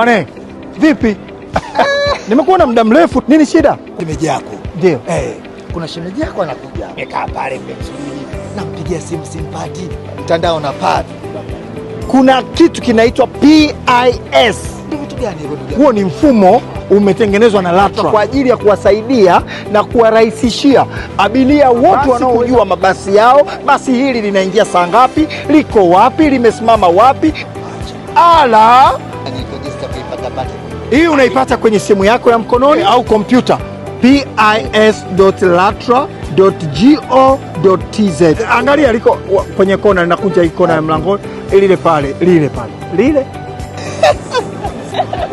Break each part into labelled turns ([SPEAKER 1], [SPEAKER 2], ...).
[SPEAKER 1] Bwana vipi? Ah! Nimekuona muda mrefu, nini shida? Shemeji yako ndio.
[SPEAKER 2] Eh, kuna shemeji yako anakuja, amekaa pale mmemsubiri, nampigia simu simpati, mtandao na pad.
[SPEAKER 1] Kuna kitu kinaitwa PIS. gani Huo ni mfumo umetengenezwa na LATRA kwa ajili ya kuwasaidia na kuwarahisishia abiria wote wanaojua mabasi yao, basi hili linaingia saa ngapi, liko wapi, limesimama wapi, ala hii unaipata kwenye simu yako ya mkononi au kompyuta pis.latra.go.tz. Angalia liko kwenye kona, linakuja hii kona ya mlango, lile pale, lile pale, lile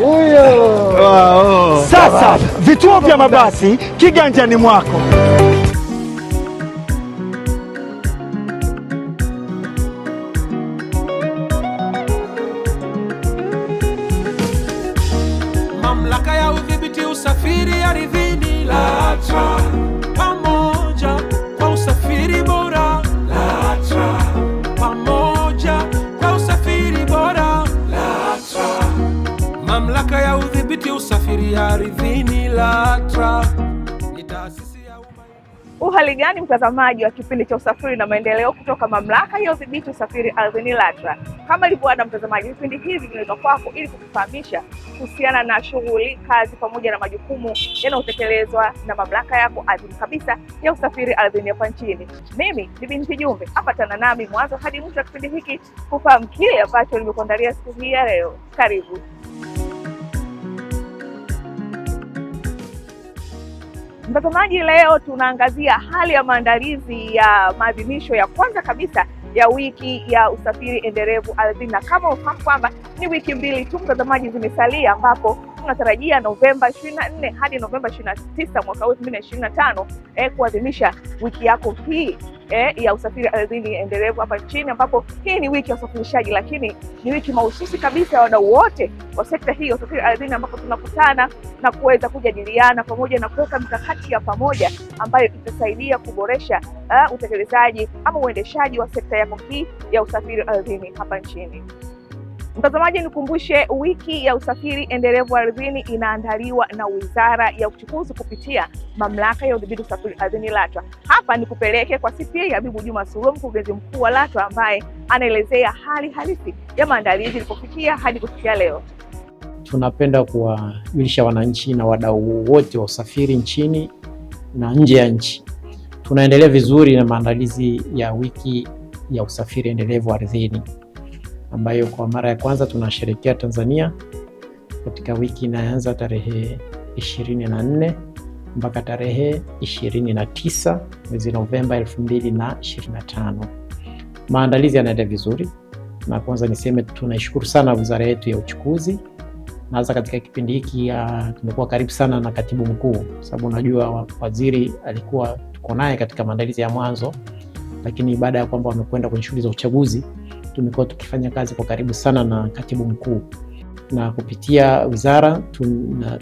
[SPEAKER 3] huyo.
[SPEAKER 1] Sasa vituo vya mabasi kiganjani mwako.
[SPEAKER 4] gani mtazamaji wa kipindi cha usafiri na maendeleo kutoka mamlaka ya udhibiti usafiri ardhini LATRA? Kama ilivyo ada, mtazamaji, vipindi hivi vinaletwa kwako ili kukufahamisha kuhusiana na shughuli, kazi pamoja na majukumu yanayotekelezwa na mamlaka yako adhimu kabisa ya usafiri ardhini hapa nchini. Mimi ni binti Jumbe, apatana nami mwanzo hadi mwisho wa kipindi hiki kufahamu kile ambacho nimekuandalia siku hii ya leo. Karibu. Mtazamaji, leo tunaangazia hali ya maandalizi ya maadhimisho ya kwanza kabisa ya wiki ya usafiri endelevu ardhini, na kama ufahamu kwamba ni wiki mbili tu mtazamaji zimesalia, ambapo tunatarajia Novemba 24 hadi Novemba 29 mwaka 2025 eh, kuadhimisha wiki yako hii eh, ya usafiri ardhini endelevu hapa nchini, ambapo hii ni wiki ya usafirishaji, lakini ni wiki mahususi kabisa ya wadau wote wa sekta hii ya usafiri ardhini, ambapo tunakutana na kuweza kujadiliana pamoja na kuweka mikakati ya pamoja ambayo itasaidia kuboresha uh, utekelezaji ama uendeshaji wa sekta yako hii ya usafiri ardhini hapa nchini. Mtazamaji, nikumbushe wiki ya usafiri endelevu ardhini inaandaliwa na Wizara ya Uchukuzi kupitia Mamlaka ya Udhibiti Usafiri Ardhini LATRA. Hapa ni kupeleke kwa CPA Habibu Juma Suluhu, mkurugenzi mkuu wa LATRA, ambaye anaelezea hali halisi ya maandalizi ilipofikia hadi kufikia leo.
[SPEAKER 5] Tunapenda kuwajulisha wananchi na wadau wote wa usafiri nchini na nje ya nchi, tunaendelea vizuri na maandalizi ya wiki ya usafiri endelevu ardhini ambayo kwa mara ya kwanza tunasherekea Tanzania katika wiki inaanza tarehe 24 mpaka tarehe 29 mwezi Novemba 2025. Maandalizi yanaenda vizuri, na kwanza niseme tunaishukuru sana wizara yetu ya uchukuzi, na hasa katika kipindi hiki tumekuwa karibu sana na katibu mkuu, sababu unajua waziri alikuwa tuko naye katika maandalizi ya mwanzo, lakini baada ya kwamba wamekwenda kwenye shughuli za uchaguzi tumekuwa tukifanya kazi kwa karibu sana na katibu mkuu na kupitia wizara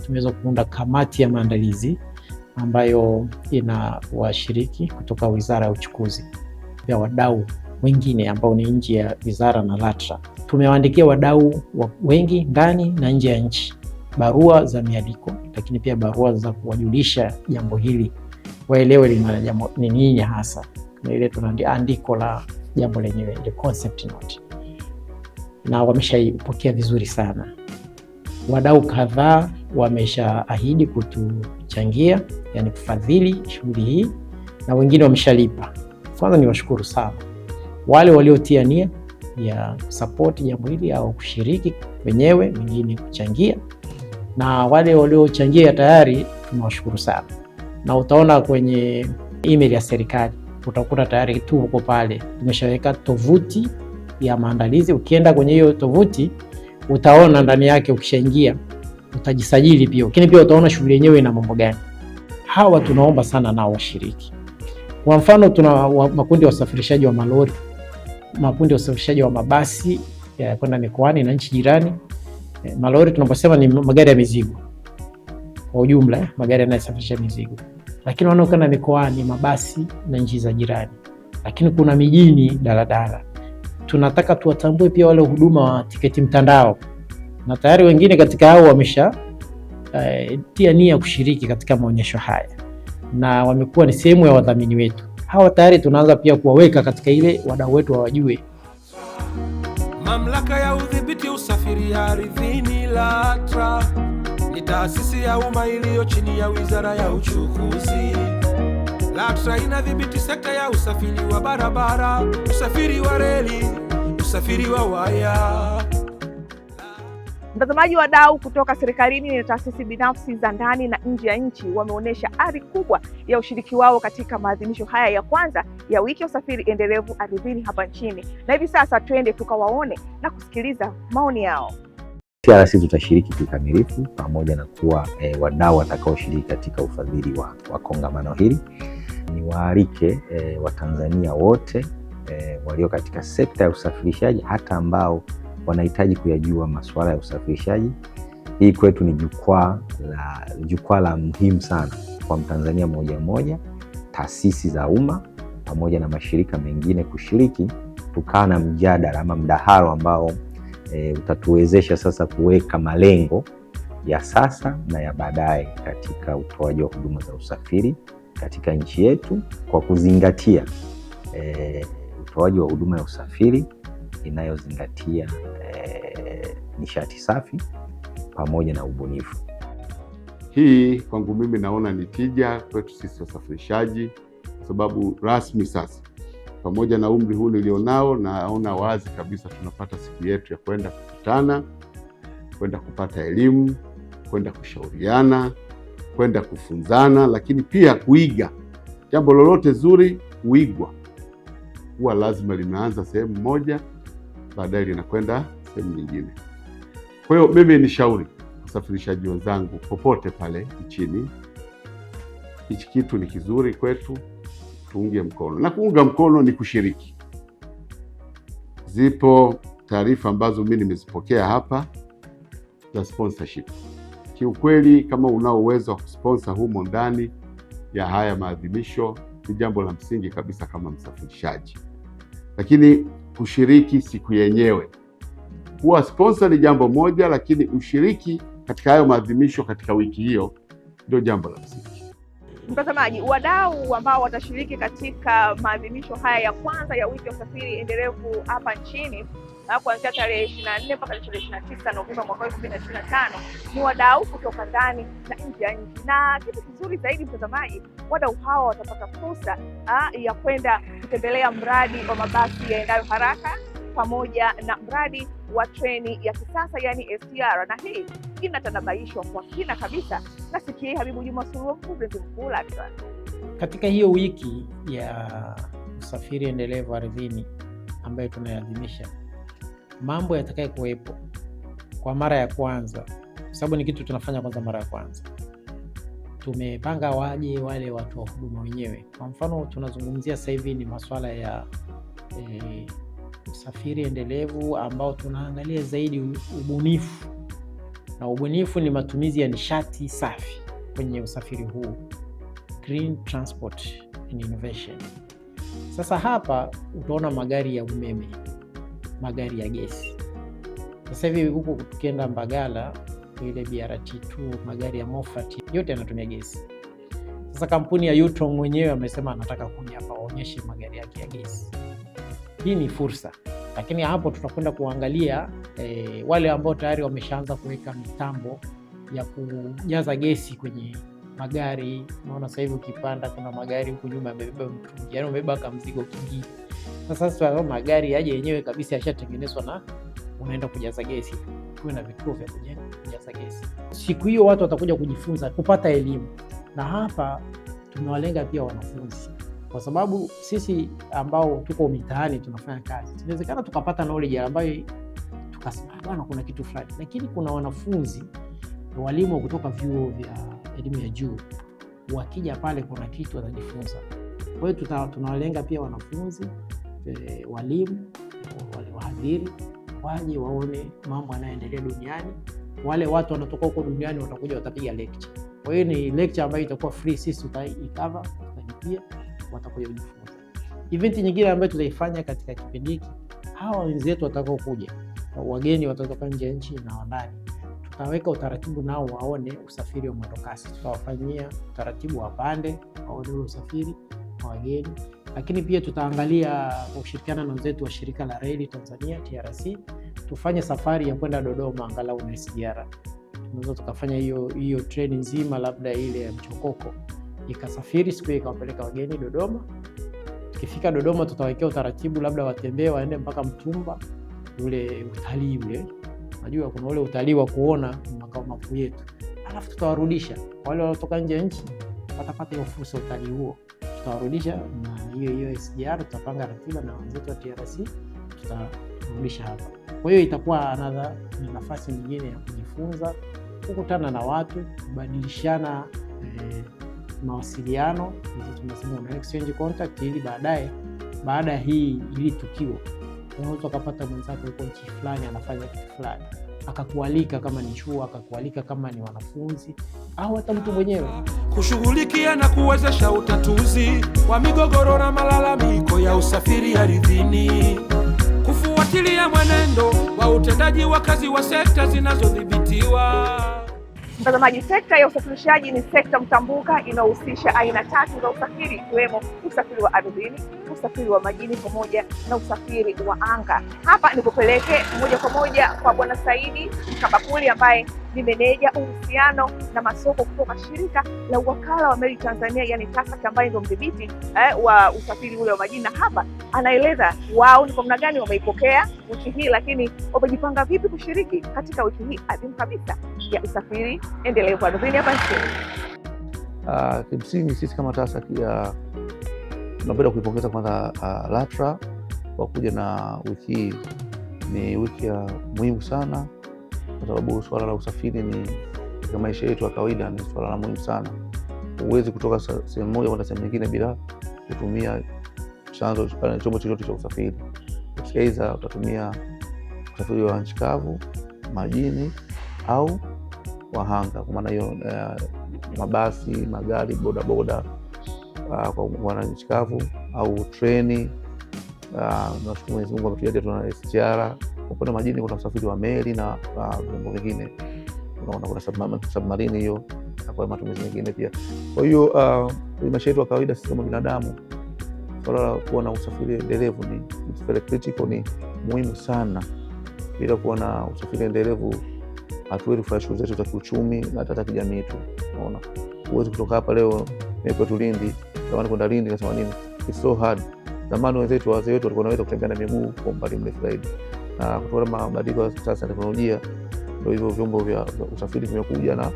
[SPEAKER 5] tumeweza kuunda kamati ya maandalizi ambayo ina washiriki kutoka wizara ya uchukuzi ya wadau wengine ambao ni nje ya wizara na LATRA. Tumewaandikia wadau wengi ndani na nje ya nchi barua za mialiko, lakini pia barua za kuwajulisha jambo hili, waelewe lina jambo ni nini hasa, na ile tunaandiko la jambo lenyewe ile concept note, na wameshaipokea vizuri sana. Wadau kadhaa wameshaahidi kutuchangia, yani kufadhili shughuli hii, na wengine wameshalipa. Kwanza ni washukuru sana wale waliotia nia ya kusapoti jambo hili au kushiriki wenyewe, wengine kuchangia, na wale waliochangia tayari tunawashukuru sana, na utaona kwenye email ya serikali utakuta tayari tu tuko pale, tumeshaweka tovuti ya maandalizi. Ukienda kwenye hiyo tovuti utaona ndani yake, ukishaingia utajisajili pia, lakini pia utaona shughuli yenyewe ina mambo gani. Hawa tunaomba sana nao washiriki. Kwa mfano, tuna makundi ya wasafirishaji wa malori, makundi ya usafirishaji wa mabasi ya kwenda mikoani na nchi jirani. Eh, malori tunaposema ni magari ya mizigo kwa ujumla, magari yanayosafirisha mizigo lakini wanaokana mikoani mabasi na nchi za jirani, lakini kuna mijini daladala. Tunataka tuwatambue pia wale huduma wa tiketi mtandao, na tayari wengine katika hao wamesha uh, tia nia kushiriki katika maonyesho haya na wamekuwa ni sehemu ya wadhamini wetu. Hawa tayari tunaanza pia kuwaweka katika ile wadau wetu wawajue. Mamlaka ya udhibiti usafiri ardhini LATRA ni taasisi ya umma iliyo chini ya Wizara ya Uchukuzi.
[SPEAKER 4] LATRA inadhibiti sekta ya usafiri wa barabara, usafiri wa reli, usafiri wa waya. Mtazamaji, wadau kutoka serikalini na taasisi binafsi za ndani na nje ya nchi wameonyesha ari kubwa ya ushiriki wao katika maadhimisho haya ya kwanza ya wiki ya usafiri endelevu ardhini hapa nchini, na hivi sasa twende tukawaone na kusikiliza maoni yao.
[SPEAKER 6] TRC tutashiriki kikamilifu pamoja na kuwa e, wadau watakaoshiriki katika ufadhili wa, wa kongamano hili. Niwaalike e, Watanzania wote e, walio katika sekta ya usafirishaji hata ambao wanahitaji kuyajua masuala ya usafirishaji. Hii kwetu ni jukwaa la, jukwaa la muhimu sana kwa Mtanzania mmoja mmoja, taasisi za umma pamoja na mashirika mengine kushiriki, tukaa na mjadala ama mdahalo ambao e, utatuwezesha sasa kuweka malengo ya sasa na ya baadaye katika utoaji wa huduma za usafiri katika nchi yetu kwa kuzingatia e, utoaji wa huduma ya usafiri inayozingatia e, nishati safi pamoja na ubunifu.
[SPEAKER 7] Hii kwangu mimi naona ni tija kwetu sisi wasafirishaji, kwa sababu rasmi sasa pamoja na umri huu nilionao, naona wazi kabisa tunapata siku yetu ya kwenda kukutana, kwenda kupata elimu, kwenda kushauriana, kwenda kufunzana, lakini pia kuiga. Jambo lolote zuri kuigwa huwa lazima limeanza sehemu moja, baadaye linakwenda sehemu nyingine. Kwa hiyo mimi ni shauri wasafirishaji wenzangu popote pale nchini, hichi kitu ni kizuri kwetu tuunge mkono, na kuunga mkono ni kushiriki. Zipo taarifa ambazo mimi nimezipokea hapa za sponsorship. Kiukweli, kama unao uwezo wa kusponsor humo ndani ya haya maadhimisho, ni jambo la msingi kabisa kama msafirishaji. Lakini kushiriki siku yenyewe, kuwa sponsor ni jambo moja, lakini ushiriki katika hayo maadhimisho katika wiki hiyo ndio jambo la msingi.
[SPEAKER 4] Mtazamaji, wadau ambao watashiriki katika maadhimisho haya ya kwanza ya wiki ya usafiri endelevu hapa nchini kuanzia tarehe ishirini na nne mpaka tarehe ishirini na tisa Novemba mwaka elfu mbili na ishirini na tano ni wadau kutoka ndani na nje ya nchi, na kitu kizuri zaidi mtazamaji, wadau hawa watapata fursa ah, ya kwenda kutembelea mradi wa mabasi yaendayo haraka pamoja na mradi wa treni ya kisasa yani SGR, na hii inatanabaishwa kwa kina kabisa na CPA Habibu Juma Suluo, mkurugenzi mkuu LATRA.
[SPEAKER 5] Katika hiyo wiki ya usafiri endelevu ardhini ambayo tunaadhimisha, mambo yatakaye kuwepo kwa mara ya kwanza, kwa sababu ni kitu tunafanya kwanza, mara ya kwanza tumepanga waje wale watu wa huduma wenyewe. Kwa mfano tunazungumzia sasa hivi ni masuala ya e, usafiri endelevu ambao tunaangalia zaidi ubunifu, na ubunifu ni matumizi ya nishati safi kwenye usafiri huu, green transport and innovation. Sasa hapa utaona magari ya umeme, magari ya gesi. Sasa hivi huko tukienda Mbagala ile BRT2 magari ya Moffat yote yanatumia gesi. Sasa kampuni ya Yutong mwenyewe amesema anataka kuja hapa aonyeshe magari yake ya gesi hii ni fursa, lakini hapo tutakwenda kuangalia e, wale ambao tayari wameshaanza kuweka mitambo ya kujaza gesi kwenye magari. Unaona sasa hivi ukipanda, kuna magari huku nyuma yamebeba mtungi, yani umebeba kama mzigo kingi. Sasa sasa magari yaje yenyewe kabisa yashatengenezwa na unaenda kujaza gesi, kuwe na vituo vya kujaza gesi. Siku hiyo watu watakuja kujifunza kupata elimu, na hapa tumewalenga pia wanafunzi kwa sababu sisi ambao tuko mitaani tunafanya kazi, inawezekana tukapata knowledge ambayo tukasema bwana, kuna kitu fulani, lakini kuna wanafunzi walimu kutoka vyuo vya elimu ya juu wakija pale, kuna kitu watajifunza. Kwa hiyo tunawalenga pia wanafunzi, e, walimu, wale wahadhiri waje waone mambo yanayoendelea duniani. Wale watu wanatoka huko duniani watakuja watapiga lecture. Kwa hiyo ni lecture ambayo itakuwa free, sisi tutaikava, tutalipia watakuja kujifunza. Eventi nyingine ambayo tutaifanya katika kipindi hiki, hawa wenzetu watakaokuja, wageni watatoka nje ya nchi na wandani tutaweka utaratibu nao waone usafiri wa mwendokasi. Tutawafanyia utaratibu, wapande, waone ule usafiri wa wageni, lakini pia tutaangalia kwa kushirikiana na wenzetu wa shirika la reli Tanzania TRC, tufanye safari ya kwenda Dodoma angalau na SGR. Tunaweza tukafanya hiyo hiyo treni nzima, labda ile ya mchokoko ikasafiri siku hiyo ikawapeleka wageni Dodoma. Tukifika Dodoma, tutawekea utaratibu, labda watembee waende mpaka Mtumba, ule utalii ule, najua kuna ule utalii wa kuona makao makuu yetu, alafu tutawarudisha wale waliotoka nje ya nchi, watapata hiyo fursa utalii huo, tutawarudisha na hiyo hiyo SGR, tutapanga ratiba na wenzetu wa TRC tutarudisha hapa. Kwa hiyo itakuwa ni nafasi nyingine ya kujifunza, kukutana na watu, kubadilishana eh, mawasiliano, tunasema una exchange contact, ili baadaye, baada ya hii ili tukio unaweza ukapata mwenzako uko nchi fulani anafanya kitu fulani akakualika kama ni chuo, akakualika kama ni wanafunzi au hata mtu mwenyewe kushughulikia na kuwezesha utatuzi wa migogoro na malalamiko ya usafiri ardhini,
[SPEAKER 4] kufuatilia mwenendo wa utendaji wa kazi wa sekta zinazodhibitiwa. Mtazamaji, sekta ya usafirishaji ni sekta mtambuka inayohusisha aina tatu za usafiri ikiwemo usafiri wa ardhini usafiri wa majini pamoja na usafiri wa anga. Hapa nikupeleke moja kwa moja kwa Bwana Saidi kabakuli ambaye ni meneja uhusiano na masoko kutoka shirika la wakala wa meli Tanzania, yani TASAC, ambaye ndio mdhibiti eh, wa usafiri ule wa majini, na hapa anaeleza wao ni kwa namna gani wameipokea wiki hii, lakini wamejipanga vipi kushiriki katika wiki hii adhimu kabisa ya usafiri endelevu ardhini hapa nchini.
[SPEAKER 5] Uh, kimsingi sisi kama TASAC ya tunapenda kuipongeza kwanza uh, LATRA kwa kuja na wiki hii. Ni wiki ya muhimu sana, kwa sababu swala la usafiri ni katika maisha yetu ya kawaida, ni swala la muhimu sana. Huwezi kutoka sehemu moja kwenda sehemu nyingine bila kutumia chanzo chombo chochote cha usafiri. Aidha utatumia usafiri wa nchi kavu, majini au wahanga, kwa maana hiyo uh, mabasi, magari, bodaboda Ah, kwa wananchi kavu au treni. Ah, nashukuru Mwenyezi Mungu ametujalia tuna SGR. Upande wa majini kuna usafiri wa meli na ah, vyombo vingine, unaona kuna submarini hiyo na kwa matumizi mengine pia. Kwa hiyo maisha yetu ya kawaida sisi kama binadamu, swala la kuwa na usafiri endelevu ni very critical, ni muhimu sana. Bila kuwa na usafiri endelevu hatuwezi kufanya shughuli zetu za kiuchumi na hata kijamii tu. Unaona, huwezi kutoka hapa leo nipo Lindi zamani kwenda Lindi, nikasema nini, it's so hard. Zamani wenzetu, wazee wetu walikuwa wanaweza kutembea na miguu kwa umbali mrefu zaidi, na kutokana na mabadiliko ya sasa ya teknolojia, ndio hivyo vyombo vya usafiri vimekuja na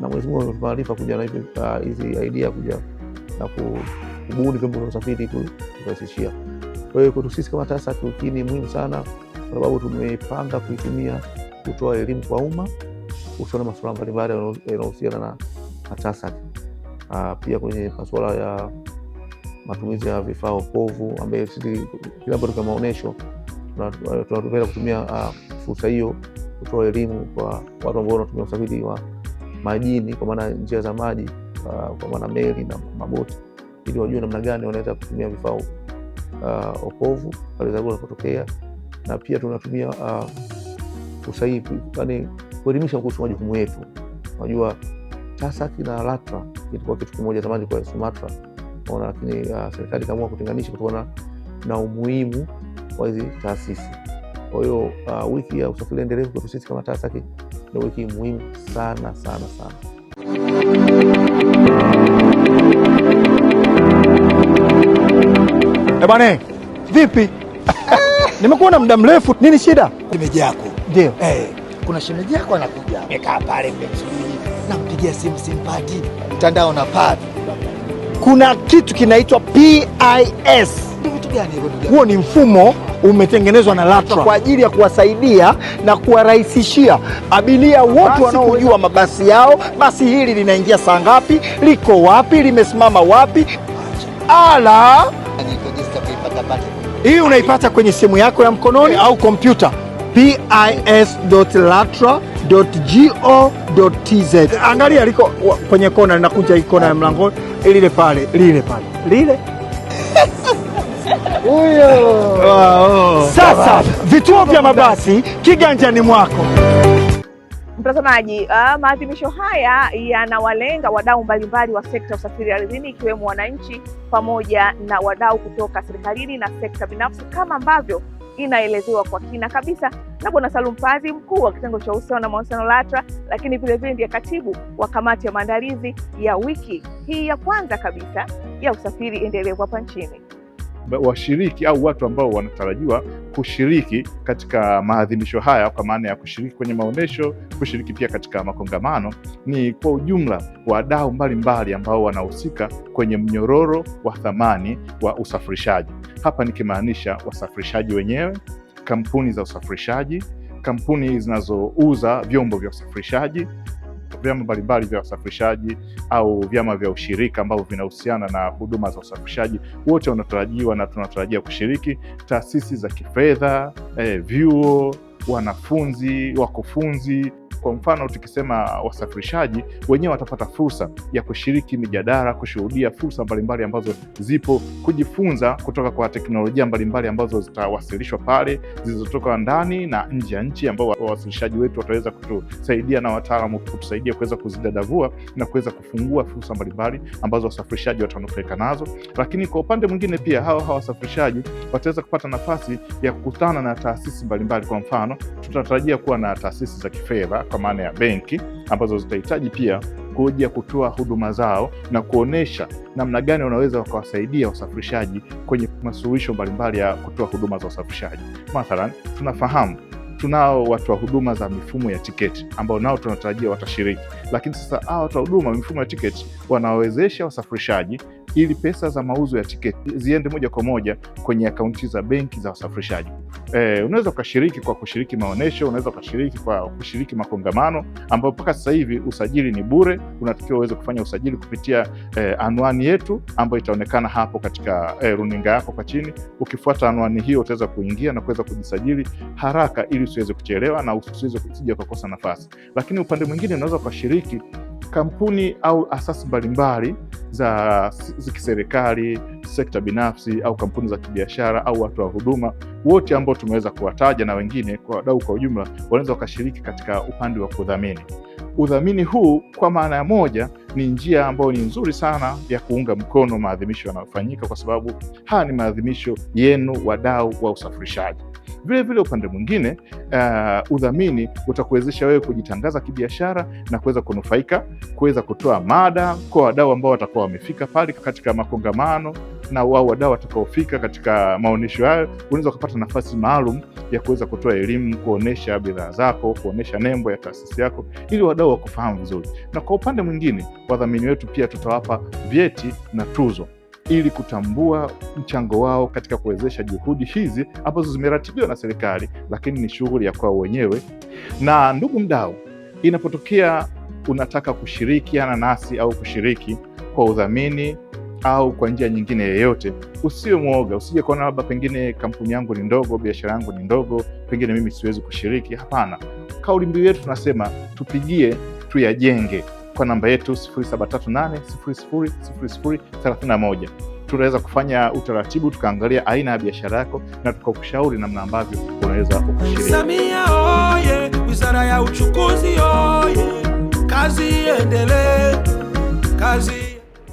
[SPEAKER 5] na Mwenyezi Mungu ametupa kuja na ah, hizi idea kuja na kubuni vyombo vya usafiri kurahisishia. Kwa hiyo kwetu sisi kama TASAC kiukini muhimu sana, kwa sababu tumepanga kuitumia kutoa elimu kwa umma kuhusiana na masuala mbalimbali yanayohusiana na TASAC uh, pia kwenye masuala ya matumizi ya vifaa okovu ambaye sisi kila maonyesho tunapenda kutumia uh, fursa hiyo kutoa elimu kwa watu ambao wanatumia usafiri wa majini kwa maana njia za maji uh, kwa maana meli na maboti ili wajue namna gani wanaweza kutumia vifaa uh, okovu pale dharura inapotokea, na pia tunatumia uh, hii yani kuelimisha kuhusu majukumu yetu. Unajua TASAC na LATRA ilikuwa kitu kimoja zamani kwa SUMATRA ona, lakini uh, serikali ikaamua kutenganisha kutokana na umuhimu wa hizi taasisi. Kwa hiyo uh, wiki ya usafiri endelevu kwetu sisi kama TASAC ni wiki muhimu sana sana sana.
[SPEAKER 1] Ebane, eh, vipi? Nimekuona muda mrefu, nini shida? Shemeji yako ndio?
[SPEAKER 2] Eh, kuna shemeji yako anakuja, amekaa pale mbele. Piga simu simpati, mtandao na pati.
[SPEAKER 1] Kuna kitu kinaitwa PIS. Huo ni mfumo umetengenezwa na LATRA kwa ajili ya kuwasaidia na kuwarahisishia abiria wote wanaojua mabasi yao, basi hili linaingia saa ngapi, liko wapi, limesimama wapi. Ala, hii unaipata kwenye simu yako ya mkononi eh. au kompyuta pis.latra.go.tz. Angalia liko kwenye kona, linakuja hii kona ya mlango lile pale, lile pale, lile
[SPEAKER 3] huyo.
[SPEAKER 1] Wow. Sasa vituo vya mabasi kiganjani mwako.
[SPEAKER 4] Mtazamaji, uh, maadhimisho haya yanawalenga wadau mbalimbali wa sekta ya usafiri ardhini ikiwemo wananchi pamoja na wadau kutoka serikalini na sekta binafsi kama ambavyo inaelezewa kwa kina kabisa na Bwana Salum Padhi, mkuu wa kitengo cha uhusiano na mawasiliano LATRA, lakini vilevile ndiye katibu wa kamati ya maandalizi ya wiki hii ya kwanza kabisa ya usafiri endelevu hapa nchini
[SPEAKER 8] washiriki au watu ambao wanatarajiwa kushiriki katika maadhimisho haya, kwa maana ya kushiriki kwenye maonyesho, kushiriki pia katika makongamano, ni kwa ujumla wadau mbalimbali ambao wanahusika kwenye mnyororo wa thamani wa usafirishaji. Hapa nikimaanisha wasafirishaji wenyewe, kampuni za usafirishaji, kampuni zinazouza vyombo vya usafirishaji vyama mbalimbali vya wasafirishaji au vyama vya ushirika ambavyo vinahusiana na huduma za usafirishaji, wote wanatarajiwa na tunatarajia kushiriki. Taasisi za kifedha, eh, vyuo, wanafunzi, wakufunzi kwa mfano tukisema wasafirishaji wenyewe watapata fursa ya kushiriki mijadala, kushuhudia fursa mbalimbali ambazo zipo, kujifunza kutoka kwa teknolojia mbalimbali ambazo zitawasilishwa pale, zilizotoka ndani na nje ya nchi, ambao wawasilishaji wetu wataweza kutusaidia na wataalamu kutusaidia kuweza kuzidadavua na kuweza kufungua fursa mbalimbali ambazo wasafirishaji watanufaika nazo. Lakini kwa upande mwingine pia hawa hawa wasafirishaji wataweza kupata nafasi ya kukutana na taasisi mbalimbali. Kwa mfano, tutatarajia kuwa na taasisi za kifedha kwa maana ya benki ambazo zitahitaji pia kuja kutoa huduma zao na kuonyesha namna gani wanaweza wakawasaidia wasafirishaji kwenye masuluhisho mbalimbali ya kutoa huduma za usafirishaji. Mathalan, tunafahamu tunao watu wa huduma za mifumo ya tiketi ambao nao tunatarajia watashiriki, lakini sasa hawa watu wa huduma mifumo ya tiketi wanawawezesha wasafirishaji ili pesa za mauzo ya tiketi ziende moja kwa moja kwenye akaunti za benki za wasafirishaji. E, unaweza ukashiriki kwa kushiriki maonyesho, unaweza ukashiriki kwa kushiriki makongamano ambayo mpaka sasa hivi usajili ni bure. Unatakiwa uweze kufanya usajili kupitia e, anwani yetu ambayo itaonekana hapo katika e, runinga yako kwa chini. Ukifuata anwani hiyo utaweza kuingia na kuweza kujisajili haraka ili usiweze kuchelewa na usiweze kusija ukakosa nafasi. Lakini upande mwingine unaweza ukashiriki kampuni au asasi mbalimbali za, za kiserikali, sekta binafsi au kampuni za kibiashara au watu wa huduma wote ambao tumeweza kuwataja na wengine kwa wadau kwa ujumla wanaweza wakashiriki katika upande wa kudhamini. Udhamini huu kwa maana ya moja ni njia ambayo ni nzuri sana ya kuunga mkono maadhimisho yanayofanyika, kwa sababu haya ni maadhimisho yenu wadau wa usafirishaji. Vile vile upande mwingine uh, udhamini utakuwezesha wewe kujitangaza kibiashara na kuweza kunufaika, kuweza kutoa mada kwa wadau ambao watakuwa wamefika pale katika makongamano na wao wadau watakaofika katika maonyesho hayo, unaweza ukapata nafasi maalum ya kuweza kutoa elimu, kuonyesha bidhaa zako, kuonesha nembo ya taasisi yako, ili wadau wakufahamu vizuri. Na kwa upande mwingine, wadhamini wetu pia tutawapa vyeti na tuzo ili kutambua mchango wao katika kuwezesha juhudi hizi ambazo zimeratibiwa na serikali, lakini ni shughuli ya kwao wenyewe. Na ndugu mdau, inapotokea unataka kushirikiana nasi au kushiriki kwa udhamini au kwa njia nyingine yoyote, usiwe mwoga, usije kuona labda pengine kampuni yangu ni ndogo, biashara yangu ni ndogo, pengine mimi siwezi kushiriki. Hapana, kauli mbiu yetu tunasema tupigie tuyajenge kwa namba yetu 0738000031. Tunaweza kufanya utaratibu tukaangalia aina ya biashara yako na tukakushauri namna ambavyo unaweza ukashiriki. Samia oye! Wizara ya Uchukuzi oye!
[SPEAKER 4] Kazi iendelee, kazi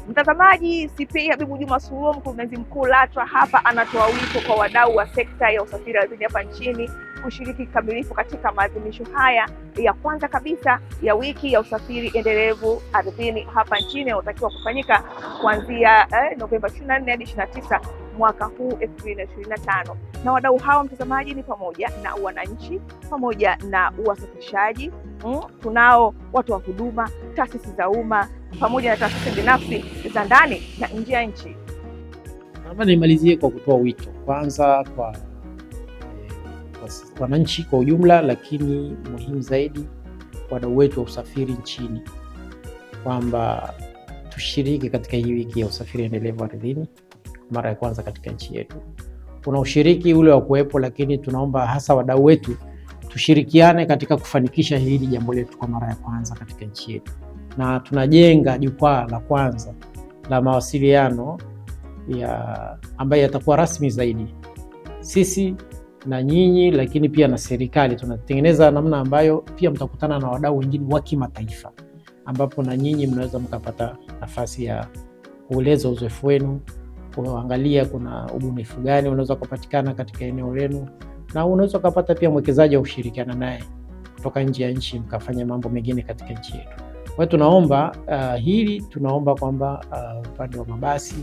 [SPEAKER 4] Mtazamaji, cp Habibu Juma Suluo, mkurugenzi mkuu LATRA hapa anatoa wito kwa wadau wa sekta ya usafiri ardhini hapa nchini kushiriki kikamilifu katika maadhimisho haya ya kwanza kabisa ya wiki ya usafiri endelevu ardhini hapa nchini yanaotakiwa kufanyika kuanzia eh, Novemba 24 hadi 29 mwaka huu 2025. Na wadau hawa mtazamaji, ni pamoja na wananchi pamoja na wasafirishaji mm, tunao watu wa huduma, taasisi za umma pamoja na taasisi binafsi za ndani na nje ya nchi.
[SPEAKER 5] Naomba nimalizie kwa kutoa wito kwanza kwa wananchi kwa ujumla, lakini muhimu zaidi wadau wetu wa usafiri nchini kwamba tushiriki katika hii wiki ya usafiri endelevu ardhini mara ya kwanza katika nchi yetu. Kuna ushiriki ule wa kuwepo, lakini tunaomba hasa wadau wetu tushirikiane katika kufanikisha hili jambo letu kwa mara ya kwanza katika nchi yetu, na tunajenga jukwaa la kwanza la mawasiliano ya ambayo yatakuwa rasmi zaidi sisi na nyinyi, lakini pia na serikali. Tunatengeneza namna ambayo pia mtakutana na wadau wengine wa kimataifa, ambapo na nyinyi mnaweza mkapata nafasi ya kueleza uzoefu wenu, kuangalia kuna ubunifu gani unaweza kupatikana katika eneo lenu, na unaweza ukapata pia mwekezaji wa kushirikiana naye kutoka nje ya nchi, mkafanya mambo mengine katika nchi yetu. Kwa hiyo tunaomba uh, hili tunaomba kwamba uh, upande uh, wa mabasi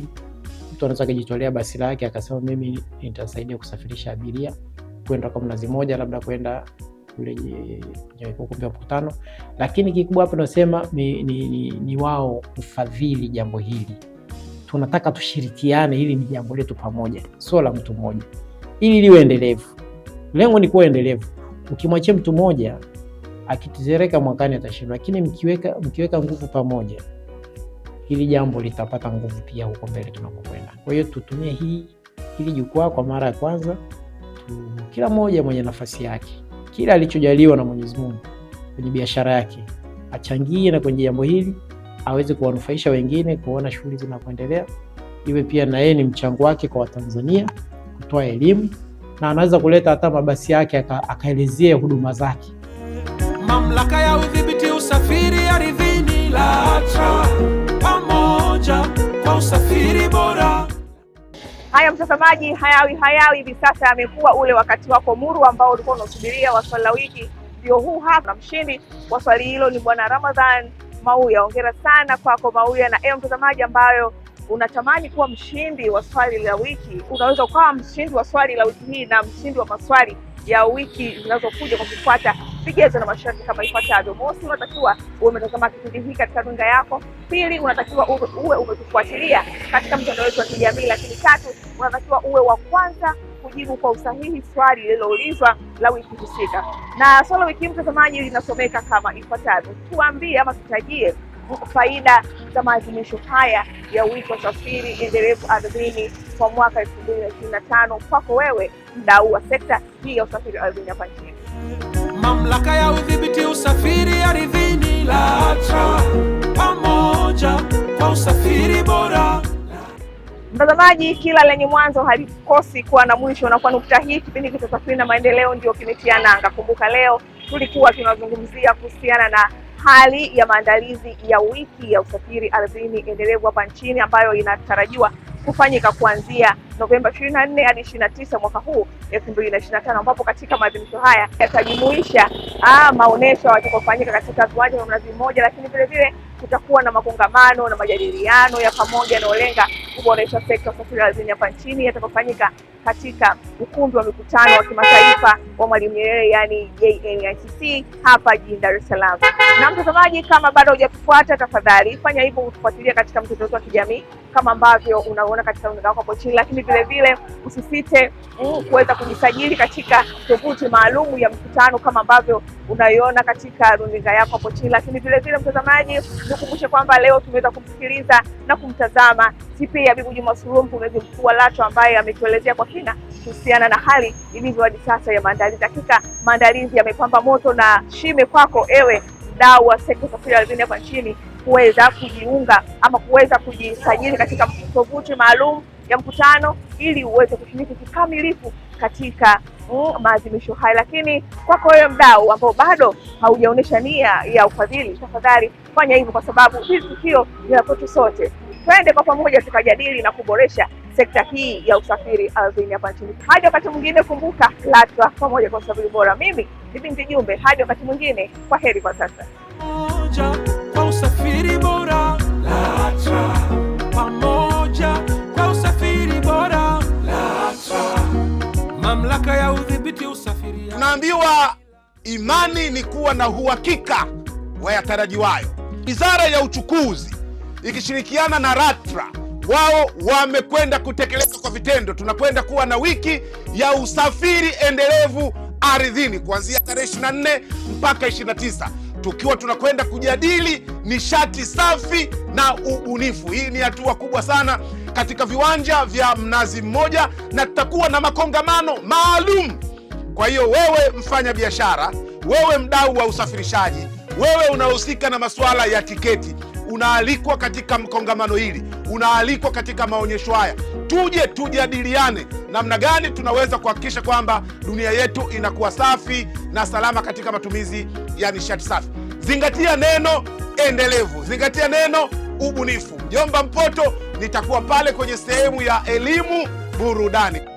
[SPEAKER 5] mtu anaweza akajitolea basi lake akasema, mimi nitasaidia kusafirisha abiria kwenda kwa Mnazi Moja, labda kwenda kule kwenye ukumbi wa mkutano, lakini kikubwa hapa tunasema ni, ni, ni, ni wao kufadhili jambo hili. Tunataka tushirikiane, hili ni jambo letu pamoja, sio la mtu mmoja, ili liwe endelevu. Lengo ni kuwa endelevu. Ukimwachia mtu mmoja akitizereka mwakani atashindwa, lakini mkiweka, mkiweka nguvu pamoja, hili jambo litapata nguvu pia huko mbele tunakokwenda. Kwa hiyo tutumie hii hili jukwaa kwa mara ya kwanza kila mmoja mwenye nafasi yake, kila alichojaliwa na Mwenyezi Mungu kwenye biashara yake achangie, na kwenye jambo hili aweze kuwanufaisha wengine, kuona shughuli zinakoendelea iwe pia na yeye ni mchango wake kwa Watanzania kutoa elimu, na anaweza kuleta hata mabasi yake akaelezea huduma zake. Mamlaka ya Udhibiti Usafiri Ardhini LATRA,
[SPEAKER 4] pamoja kwa usafiri bora. Haya mtazamaji, hayawi hayawi, hivi sasa yamekuwa ule wakati wako muru ambao ulikuwa unasubiria wa swali la wiki, ndio huu hapa, na mshindi wa swali hilo ni bwana Ramadhan Mauya. Hongera sana kwako Mauya, na ewe eh, mtazamaji ambayo unatamani kuwa mshindi wa swali la wiki, unaweza ukawa mshindi wa swali la wiki hii na mshindi wa maswali ya wiki zinazokuja kwa kufuata vigezo na masharti kama ifuatavyo: mosi, unatakiwa uwe umetazama kipindi hiki katika runinga yako; pili, unatakiwa uwe umetufuatilia katika mtandao wetu wa kijamii; lakini tatu, unatakiwa uwe wa kwanza kujibu kwa usahihi swali lililoulizwa la wiki husika. Na swali la wiki, mtazamaji, linasomeka kama ifuatavyo: tuambie ama tutajie faida za maadhimisho haya ya wiki wa usafiri endelevu ardhini kwa mwaka elfu mbili na ishirini na tano kwako wewe mdau wa sekta hii ya usafiri ardhini hapa nchini. Mamlaka ya udhibiti usafiri ardhini LATRA, pamoja kwa usafiri bora. Mtazamaji, kila lenye mwanzo halikosi kuwa na mwisho, na kwa nukta hii kipindi cha usafiri na maendeleo ndio kimetia nanga. Kumbuka leo tulikuwa tunazungumzia kuhusiana na hali ya maandalizi ya wiki ya usafiri ardhini endelevu hapa nchini ambayo inatarajiwa kufanyika kuanzia Novemba 24 hadi 29 mwaka huu 2025, ambapo katika maadhimisho haya yatajumuisha maonesho yatakayofanyika katika viwanja vya Mnazi Mmoja, lakini vile vile kutakuwa na makongamano na majadiliano ya pamoja yanayolenga kuboresha sekta ya usafiri ardhini hapa nchini yatakayofanyika katika ukumbi wa mikutano wa kimataifa wa Mwalimu Nyerere yani JNICC hapa jijini Dar es Salaam. Na mtazamaji, kama bado hujatufuata, tafadhali fanya hivyo, utufuatilia katika mtandao wa kijamii kama ambavyo unaona katika hapo chini, lakini lakini vilevile usisite mm, kuweza kujisajili katika tovuti maalum ya mkutano kama ambavyo unaiona katika runinga yako hapo chini. Lakini vilevile mtazamaji, nikukumbushe kwamba leo tumeweza kumsikiliza na kumtazama TP Habibu Juma Suluhu, mkurugenzi mkuu wa LATRA ambaye ametuelezea kwa kina kuhusiana na hali ilivyo hadi sasa ya maandalizi. Hakika maandalizi yamepamba moto na shime kwako ewe mdau wa sekta usafiri ardhini hapa nchini kuweza kujiunga ama kuweza kujisajili katika tovuti maalum ya mkutano ili uweze kushiriki kikamilifu katika mm, maadhimisho haya. Lakini kwako wewe mdau ambao bado haujaonyesha nia ya ufadhili, tafadhali fanya hivyo, kwa sababu hili tukio ni la kwetu sote. Twende kwa pamoja tukajadili na kuboresha sekta hii ya usafiri ardhini hapa nchini. Hadi wakati mwingine, kumbuka LATRA, pamoja kwa usafiri bora. Mimi ni Binti Jumbe, hadi wakati mwingine, kwa heri kwa sasa.
[SPEAKER 1] mamlaka ya udhibiti usafiri. Tunaambiwa imani ni kuwa na uhakika wa yatarajiwayo. Wizara ya Uchukuzi ikishirikiana na ratra wao wamekwenda kutekeleza kwa vitendo. Tunakwenda kuwa na wiki ya usafiri endelevu ardhini kuanzia tarehe 24 mpaka 29, tukiwa tunakwenda kujadili nishati safi na ubunifu. Hii ni hatua kubwa sana katika viwanja vya Mnazi Mmoja, na tutakuwa na makongamano maalum. Kwa hiyo wewe mfanya biashara, wewe mdau wa usafirishaji, wewe unahusika na masuala ya tiketi, unaalikwa katika mkongamano hili, unaalikwa katika maonyesho haya. Tuje tujadiliane namna gani tunaweza kuhakikisha kwamba dunia yetu inakuwa safi na salama katika matumizi ya nishati safi. Zingatia neno endelevu, zingatia neno ubunifu. Mjomba Mpoto nitakuwa pale kwenye sehemu ya elimu burudani.